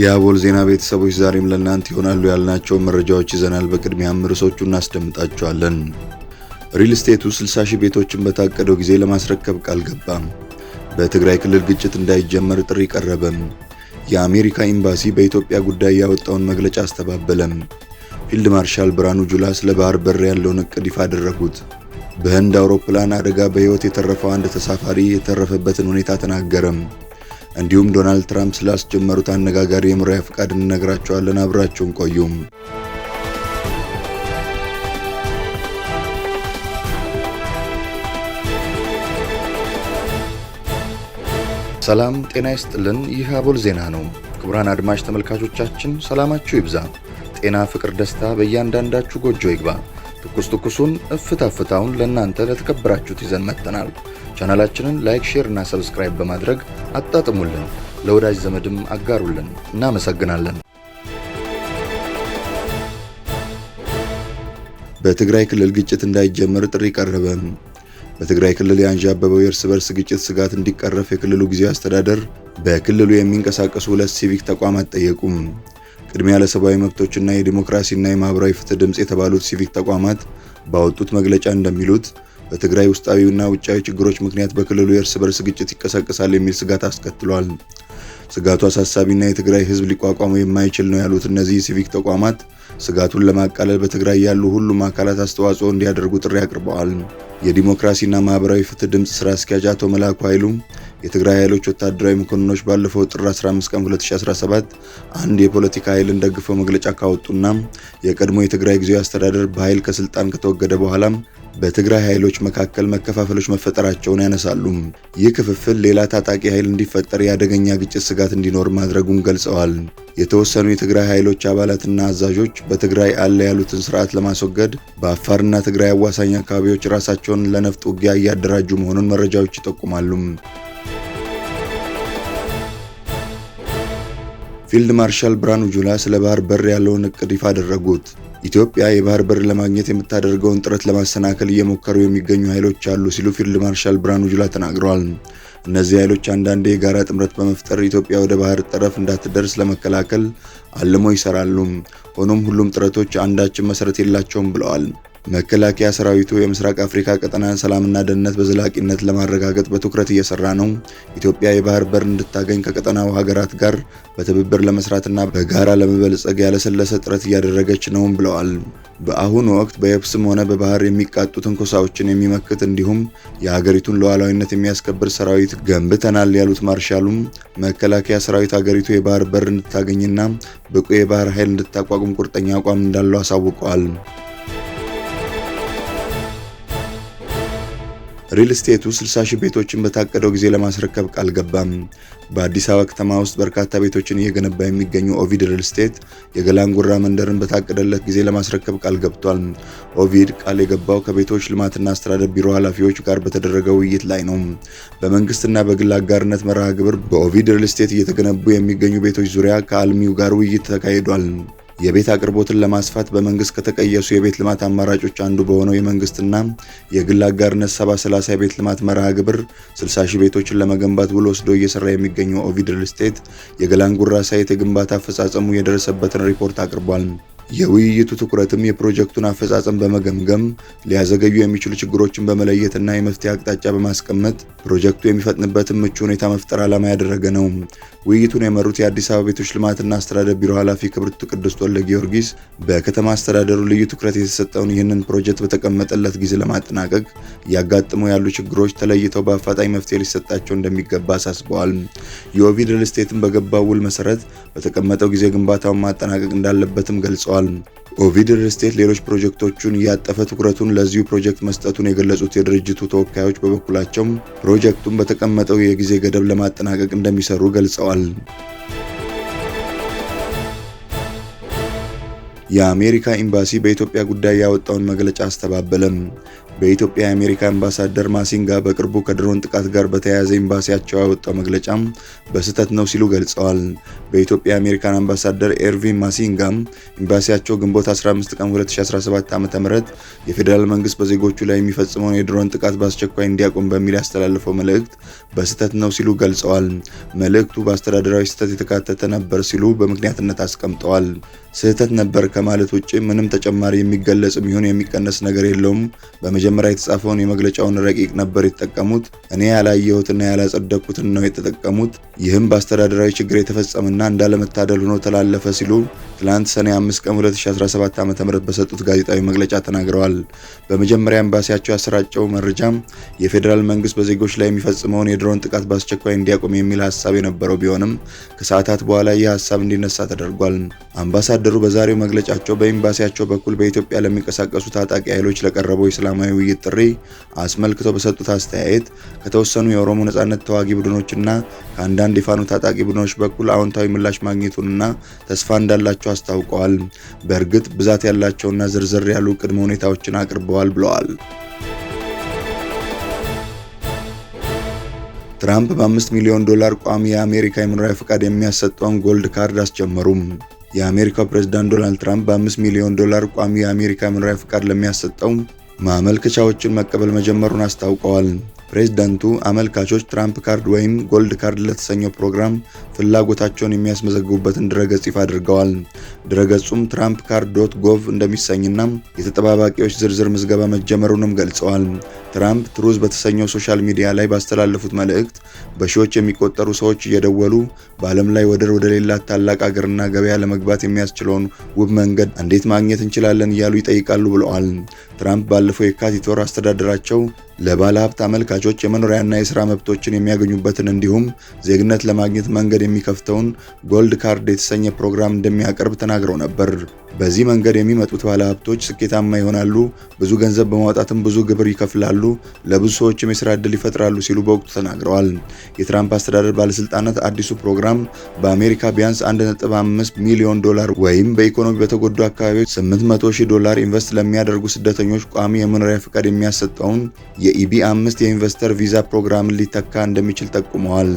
የአቦል ዜና ቤተሰቦች ዛሬም ለእናንተ ይሆናሉ ያልናቸው መረጃዎች ይዘናል። በቅድሚያም ርዕሶቹ እናስደምጣቸዋለን። ሪል ስቴቱ 60 ሺህ ቤቶችን በታቀደው ጊዜ ለማስረከብ ቃል ገባ። በትግራይ ክልል ግጭት እንዳይጀመር ጥሪ ቀረበም። የአሜሪካ ኤምባሲ በኢትዮጵያ ጉዳይ ያወጣውን መግለጫ አስተባበለም። ፊልድ ማርሻል ብርሃኑ ጁላ ስለ ባህር በር ያለውን እቅድ ይፋ አደረጉት። በህንድ አውሮፕላን አደጋ በሕይወት የተረፈው አንድ ተሳፋሪ የተረፈበትን ሁኔታ ተናገረም። እንዲሁም ዶናልድ ትራምፕ ስላስጀመሩት አነጋጋሪ የመኖሪያ ፈቃድ እንነግራቸዋለን። አብራችሁን ቆዩም። ሰላም ጤና ይስጥልን። ይህ አቦል ዜና ነው። ክቡራን አድማጭ ተመልካቾቻችን ሰላማችሁ ይብዛ፣ ጤና፣ ፍቅር፣ ደስታ በእያንዳንዳችሁ ጎጆ ይግባ። ትኩስ ትኩሱን እፍታ ፍታውን ለእናንተ ለተከበራችሁት ይዘን መጥተናል። ቻናላችንን ላይክ፣ ሼር እና ሰብስክራይብ በማድረግ አጣጥሙልን፣ ለወዳጅ ዘመድም አጋሩልን። እናመሰግናለን። በትግራይ ክልል ግጭት እንዳይጀመር ጥሪ ቀረበ። በትግራይ ክልል የአንዣበበው የእርስ በርስ ግጭት ስጋት እንዲቀረፍ የክልሉ ጊዜያዊ አስተዳደር በክልሉ የሚንቀሳቀሱ ሁለት ሲቪክ ተቋማት ጠየቁም። ቅድሚያ ለሰብአዊ መብቶችና የዲሞክራሲና የማህበራዊ ፍትህ ድምፅ የተባሉት ሲቪክ ተቋማት ባወጡት መግለጫ እንደሚሉት በትግራይ ውስጣዊና ውጫዊ ችግሮች ምክንያት በክልሉ የእርስ በርስ ግጭት ይቀሰቀሳል የሚል ስጋት አስከትሏል። ስጋቱ አሳሳቢና የትግራይ ህዝብ ሊቋቋመው የማይችል ነው ያሉት እነዚህ ሲቪክ ተቋማት ስጋቱን ለማቃለል በትግራይ ያሉ ሁሉም አካላት አስተዋጽኦ እንዲያደርጉ ጥሪ አቅርበዋል። የዲሞክራሲና ማህበራዊ ፍትህ ድምፅ ስራ አስኪያጅ አቶ መላኩ ኃይሉ የትግራይ ኃይሎች ወታደራዊ መኮንኖች ባለፈው ጥር 15 ቀን 2017 አንድ የፖለቲካ ኃይልን ደግፈው መግለጫ ካወጡና የቀድሞ የትግራይ ጊዜያዊ አስተዳደር በኃይል ከስልጣን ከተወገደ በኋላ በትግራይ ኃይሎች መካከል መከፋፈሎች መፈጠራቸውን ያነሳሉ። ይህ ክፍፍል ሌላ ታጣቂ ኃይል እንዲፈጠር የአደገኛ ግጭት ስጋት እንዲኖር ማድረጉን ገልጸዋል። የተወሰኑ የትግራይ ኃይሎች አባላትና አዛዦች በትግራይ አለ ያሉትን ስርዓት ለማስወገድ በአፋርና ትግራይ አዋሳኝ አካባቢዎች ራሳቸውን ለነፍጥ ውጊያ እያደራጁ መሆኑን መረጃዎች ይጠቁማሉ። ፊልድ ማርሻል ብርሃኑ ጁላ ስለ ባህር በር ያለውን እቅድ ይፋ አደረጉት። ኢትዮጵያ የባህር በር ለማግኘት የምታደርገውን ጥረት ለማሰናከል እየሞከሩ የሚገኙ ኃይሎች አሉ ሲሉ ፊልድ ማርሻል ብርሃኑ ጁላ ተናግረዋል። እነዚህ ኃይሎች አንዳንዴ የጋራ ጥምረት በመፍጠር ኢትዮጵያ ወደ ባህር ጠረፍ እንዳትደርስ ለመከላከል አልሞ ይሰራሉ። ሆኖም ሁሉም ጥረቶች አንዳችን መሰረት የላቸውም ብለዋል። መከላከያ ሰራዊቱ የምስራቅ አፍሪካ ቀጠናን ሰላምና ደህንነት በዘላቂነት ለማረጋገጥ በትኩረት እየሰራ ነው። ኢትዮጵያ የባህር በር እንድታገኝ ከቀጠናው ሀገራት ጋር በትብብር ለመስራትና በጋራ ለመበልጸግ ያለሰለሰ ጥረት እያደረገች ነው ብለዋል። በአሁኑ ወቅት በየብስም ሆነ በባህር የሚቃጡ ትንኮሳዎችን የሚመክት እንዲሁም የሀገሪቱን ሉዓላዊነት የሚያስከብር ሰራዊት ገንብተናል ያሉት ማርሻሉም መከላከያ ሰራዊት ሀገሪቱ የባህር በር እንድታገኝና ብቁ የባህር ኃይል እንድታቋቁም ቁርጠኛ አቋም እንዳለው አሳውቀዋል። ሪል ስቴቱ 60 ሺህ ቤቶችን በታቀደው ጊዜ ለማስረከብ ቃል ገባም። በአዲስ አበባ ከተማ ውስጥ በርካታ ቤቶችን እየገነባ የሚገኙ ኦቪድ ሪል ስቴት የገላንጉራ መንደርን በታቀደለት ጊዜ ለማስረከብ ቃል ገብቷል። ኦቪድ ቃል የገባው ከቤቶች ልማትና አስተዳደር ቢሮ ኃላፊዎች ጋር በተደረገ ውይይት ላይ ነው። በመንግስትና በግል አጋርነት መርሃ ግብር በኦቪድ ሪል ስቴት እየተገነቡ የሚገኙ ቤቶች ዙሪያ ከአልሚው ጋር ውይይት ተካሂዷል። የቤት አቅርቦትን ለማስፋት በመንግስት ከተቀየሱ የቤት ልማት አማራጮች አንዱ በሆነው የመንግስትና የግል አጋርነት 730 የቤት ልማት መርሃ ግብር 60 ሺህ ቤቶችን ለመገንባት ውል ወስዶ እየሰራ የሚገኘው ኦቪድ ሪል ስቴት የገላንጉራ ሳይት የግንባታ አፈጻጸሙ የደረሰበትን ሪፖርት አቅርቧል። የውይይቱ ትኩረትም የፕሮጀክቱን አፈጻጸም በመገምገም ሊያዘገዩ የሚችሉ ችግሮችን በመለየትና የመፍትሄ አቅጣጫ በማስቀመጥ ፕሮጀክቱ የሚፈጥንበትን ምቹ ሁኔታ መፍጠር ዓላማ ያደረገ ነው። ውይይቱን የመሩት የአዲስ አበባ ቤቶች ልማትና አስተዳደር ቢሮ ኃላፊ ክብርት ቅድስት ወልደ ጊዮርጊስ በከተማ አስተዳደሩ ልዩ ትኩረት የተሰጠውን ይህንን ፕሮጀክት በተቀመጠለት ጊዜ ለማጠናቀቅ እያጋጠሙ ያሉ ችግሮች ተለይተው በአፋጣኝ መፍትሄ ሊሰጣቸው እንደሚገባ አሳስበዋል። የኦቪድ ሪል ስቴትን በገባው ውል መሰረት በተቀመጠው ጊዜ ግንባታውን ማጠናቀቅ እንዳለበትም ገልጸዋል። ገልጿል። ኦቪድ ሪል ስቴት ሌሎች ፕሮጀክቶቹን እያጠፈ ትኩረቱን ለዚሁ ፕሮጀክት መስጠቱን የገለጹት የድርጅቱ ተወካዮች በበኩላቸው ፕሮጀክቱን በተቀመጠው የጊዜ ገደብ ለማጠናቀቅ እንደሚሰሩ ገልጸዋል። የአሜሪካ ኤምባሲ በኢትዮጵያ ጉዳይ ያወጣውን መግለጫ አስተባበለም። በኢትዮጵያ የአሜሪካ አምባሳደር ማሲንጋ በቅርቡ ከድሮን ጥቃት ጋር በተያያዘ ኤምባሲያቸው ያወጣው መግለጫ በስህተት ነው ሲሉ ገልጸዋል። በኢትዮጵያ የአሜሪካን አምባሳደር ኤርቪን ማሲንጋ ኤምባሲያቸው ግንቦት 15 ቀን 2017 ዓ ም የፌዴራል መንግስት በዜጎቹ ላይ የሚፈጽመውን የድሮን ጥቃት በአስቸኳይ እንዲያቆም በሚል ያስተላለፈው መልእክት በስህተት ነው ሲሉ ገልጸዋል። መልእክቱ በአስተዳደራዊ ስህተት የተካተተ ነበር ሲሉ በምክንያትነት አስቀምጠዋል። ስህተት ነበር ከማለት ውጭ ምንም ተጨማሪ የሚገለጽም ሚሆን የሚቀነስ ነገር የለውም። መጀመሪያ የተጻፈውን የመግለጫውን ረቂቅ ነበር የተጠቀሙት። እኔ ያላየሁትና ያላጸደቅኩትን ነው የተጠቀሙት። ይህም በአስተዳደራዊ ችግር የተፈጸመና እንዳለመታደል ሆኖ ተላለፈ ሲሉ ትላንት ሰኔ 5 ቀን 2017 ዓ.ም በሰጡት ጋዜጣዊ መግለጫ ተናግረዋል። በመጀመሪያ ኤምባሲያቸው ያሰራጨው መረጃም የፌዴራል መንግስት በዜጎች ላይ የሚፈጽመውን የድሮን ጥቃት በአስቸኳይ እንዲያቆም የሚል ሀሳብ የነበረው ቢሆንም ከሰዓታት በኋላ ይህ ሀሳብ እንዲነሳ ተደርጓል። አምባሳደሩ በዛሬው መግለጫቸው በኤምባሲያቸው በኩል በኢትዮጵያ ለሚንቀሳቀሱ ታጣቂ ኃይሎች ለቀረበው የሰላማዊ ውይይት ጥሪ አስመልክተው በሰጡት አስተያየት ከተወሰኑ የኦሮሞ ነጻነት ተዋጊ ቡድኖችና ከአንዳንድ በአንዳንድ የፋኖ ታጣቂ ቡድኖች በኩል አዎንታዊ ምላሽ ማግኘቱንና ተስፋ እንዳላቸው አስታውቀዋል። በእርግጥ ብዛት ያላቸውና ዝርዝር ያሉ ቅድመ ሁኔታዎችን አቅርበዋል ብለዋል። ትራምፕ በ5 ሚሊዮን ዶላር ቋሚ የአሜሪካ የመኖሪያ ፈቃድ የሚያሰጠውን ጎልድ ካርድ አስጀመሩም። የአሜሪካው ፕሬዝዳንት ዶናልድ ትራምፕ በ5 ሚሊዮን ዶላር ቋሚ የአሜሪካ የመኖሪያ ፈቃድ ለሚያሰጠው ማመልከቻዎችን መቀበል መጀመሩን አስታውቀዋል። ፕሬዝዳንቱ አመልካቾች ትራምፕ ካርድ ወይም ጎልድ ካርድ ለተሰኘው ፕሮግራም ፍላጎታቸውን የሚያስመዘግቡበትን ድረገጽ ይፋ አድርገዋል። ድረገጹም ትራምፕ ካርድ ዶት ጎቭ እንደሚሰኝና የተጠባባቂዎች ዝርዝር ምዝገባ መጀመሩንም ገልጸዋል። ትራምፕ ትሩዝ በተሰኘው ሶሻል ሚዲያ ላይ ባስተላለፉት መልእክት በሺዎች የሚቆጠሩ ሰዎች እየደወሉ በዓለም ላይ ወደር ወደሌላት ታላቅ አገርና ገበያ ለመግባት የሚያስችለውን ውብ መንገድ እንዴት ማግኘት እንችላለን እያሉ ይጠይቃሉ ብለዋል። ትራምፕ ባለፈው የካቲት ወር አስተዳደራቸው ለባለሀብት አመልካቾች የመኖሪያና የስራ መብቶችን የሚያገኙበትን እንዲሁም ዜግነት ለማግኘት መንገድ የሚከፍተውን ጎልድ ካርድ የተሰኘ ፕሮግራም እንደሚያቀርብ ተናግረው ነበር። በዚህ መንገድ የሚመጡት ባለሀብቶች ስኬታማ ይሆናሉ፣ ብዙ ገንዘብ በማውጣትም ብዙ ግብር ይከፍላሉ፣ ለብዙ ሰዎችም የስራ ዕድል ይፈጥራሉ ሲሉ በወቅቱ ተናግረዋል። የትራምፕ አስተዳደር ባለስልጣናት አዲሱ ፕሮግራም በአሜሪካ ቢያንስ 1.5 ሚሊዮን ዶላር ወይም በኢኮኖሚ በተጎዱ አካባቢዎች 800 ሺህ ዶላር ኢንቨስት ለሚያደርጉ ስደተኞች ቋሚ የመኖሪያ ፍቃድ የሚያሰጠውን የኢቢ አምስት የኢንቨስተር ቪዛ ፕሮግራምን ሊተካ እንደሚችል ጠቁመዋል።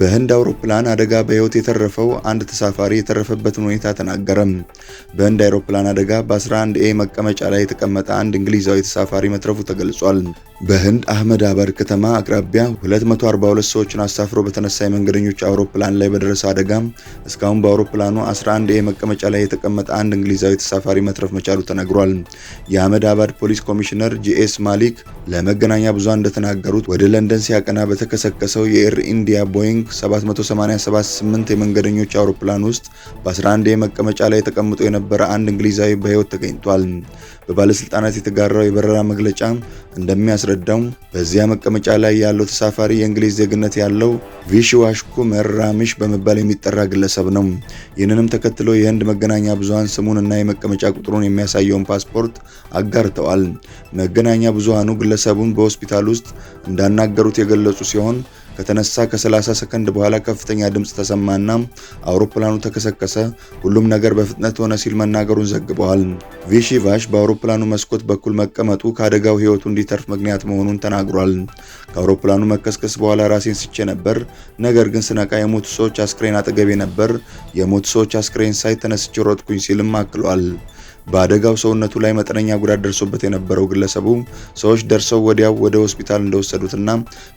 በህንድ አውሮፕላን አደጋ በህይወት የተረፈው አንድ ተሳፋሪ የተረፈበትን ሁኔታ ተናገረም። በህንድ አውሮፕላን አደጋ በ11 ኤ መቀመጫ ላይ የተቀመጠ አንድ እንግሊዛዊ ተሳፋሪ መትረፉ ተገልጿል። በህንድ አህመድ አበር ከተማ አቅራቢያ 242 ሰዎችን አሳፍሮ በተነሳ የመንገደኞች አውሮፕላን ላይ በደረሰ አደጋ እስካሁን በአውሮፕላኑ 11 ኤ መቀመጫ ላይ የተቀመጠ አንድ እንግሊዛዊ ተሳፋሪ መትረፍ መቻሉ ተነግሯል። የአህመድ አባድ ፖሊስ ኮሚሽነር ጂኤስ ማሊክ ለመገናኛ ብዙሃን እንደተናገሩት ወደ ለንደን ሲያቀና በተከሰከሰው የኤር ኢንዲያ ቦይንግ 787 የመንገደኞች አውሮፕላን ውስጥ በ11 ኤ መቀመጫ ላይ ተቀምጦ የነበረ አንድ እንግሊዛዊ በህይወት ተገኝቷል። በባለስልጣናት የተጋራው የበረራ መግለጫ እንደሚያስረዳው በዚያ መቀመጫ ላይ ያለው ተሳፋሪ የእንግሊዝ ዜግነት ያለው ቪሽዋሽኩ መራምሽ በመባል የሚጠራ ግለሰብ ነው። ይህንንም ተከትሎ የህንድ መገናኛ ብዙሃን ስሙን እና የመቀመጫ ቁጥሩን የሚያሳየውን ፓስፖርት አጋርተዋል። መገናኛ ብዙሃኑ ግለሰቡን በሆስፒታል ውስጥ እንዳናገሩት የገለጹ ሲሆን ከተነሳ ከ30 ሰከንድ በኋላ ከፍተኛ ድምፅ ተሰማና አውሮፕላኑ ተከሰከሰ፣ ሁሉም ነገር በፍጥነት ሆነ ሲል መናገሩን ዘግበዋል። ቪሺቫሽ በአውሮፕላኑ መስኮት በኩል መቀመጡ ከአደጋው ህይወቱ እንዲተርፍ ምክንያት መሆኑን ተናግሯል። ከአውሮፕላኑ መከስከስ በኋላ ራሴን ስቼ ነበር፣ ነገር ግን ስነቃ የሞቱ ሰዎች አስክሬን አጠገቤ ነበር። የሞቱ ሰዎች አስክሬን ሳይ ተነስቼ ሮጥኩኝ ሲልም አክሏል። በአደጋው ሰውነቱ ላይ መጠነኛ ጉዳት ደርሶበት የነበረው ግለሰቡ ሰዎች ደርሰው ወዲያው ወደ ሆስፒታል እንደወሰዱትና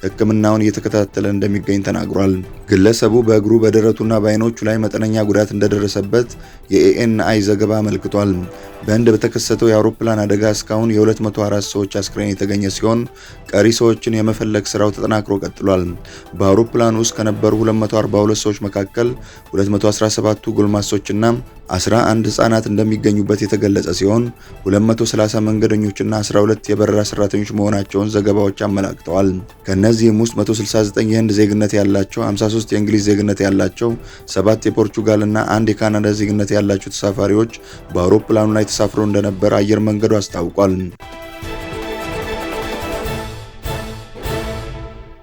ሕክምናውን እየተከታተለ እንደሚገኝ ተናግሯል። ግለሰቡ በእግሩ በደረቱና በአይኖቹ ላይ መጠነኛ ጉዳት እንደደረሰበት የኤኤንአይ ዘገባ አመልክቷል። በህንድ በተከሰተው የአውሮፕላን አደጋ እስካሁን የ204 ሰዎች አስክሬን የተገኘ ሲሆን ቀሪ ሰዎችን የመፈለግ ስራው ተጠናክሮ ቀጥሏል። በአውሮፕላን ውስጥ ከነበሩ 242 ሰዎች መካከል 217ቱ ጎልማሶችና 11 ህጻናት እንደሚገኙበት የተገ የተገለጸ ሲሆን 230 መንገደኞችና 12 የበረራ ሰራተኞች መሆናቸውን ዘገባዎች አመላክተዋል። ከእነዚህም ውስጥ 169 የህንድ ዜግነት ያላቸው፣ 53 የእንግሊዝ ዜግነት ያላቸው፣ 7 እና አንድ የካናዳ ዜግነት ያላቸው ተሳፋሪዎች በአውሮፕላኑ ላይ ተሳፍረው እንደነበር አየር መንገዱ አስታውቋል።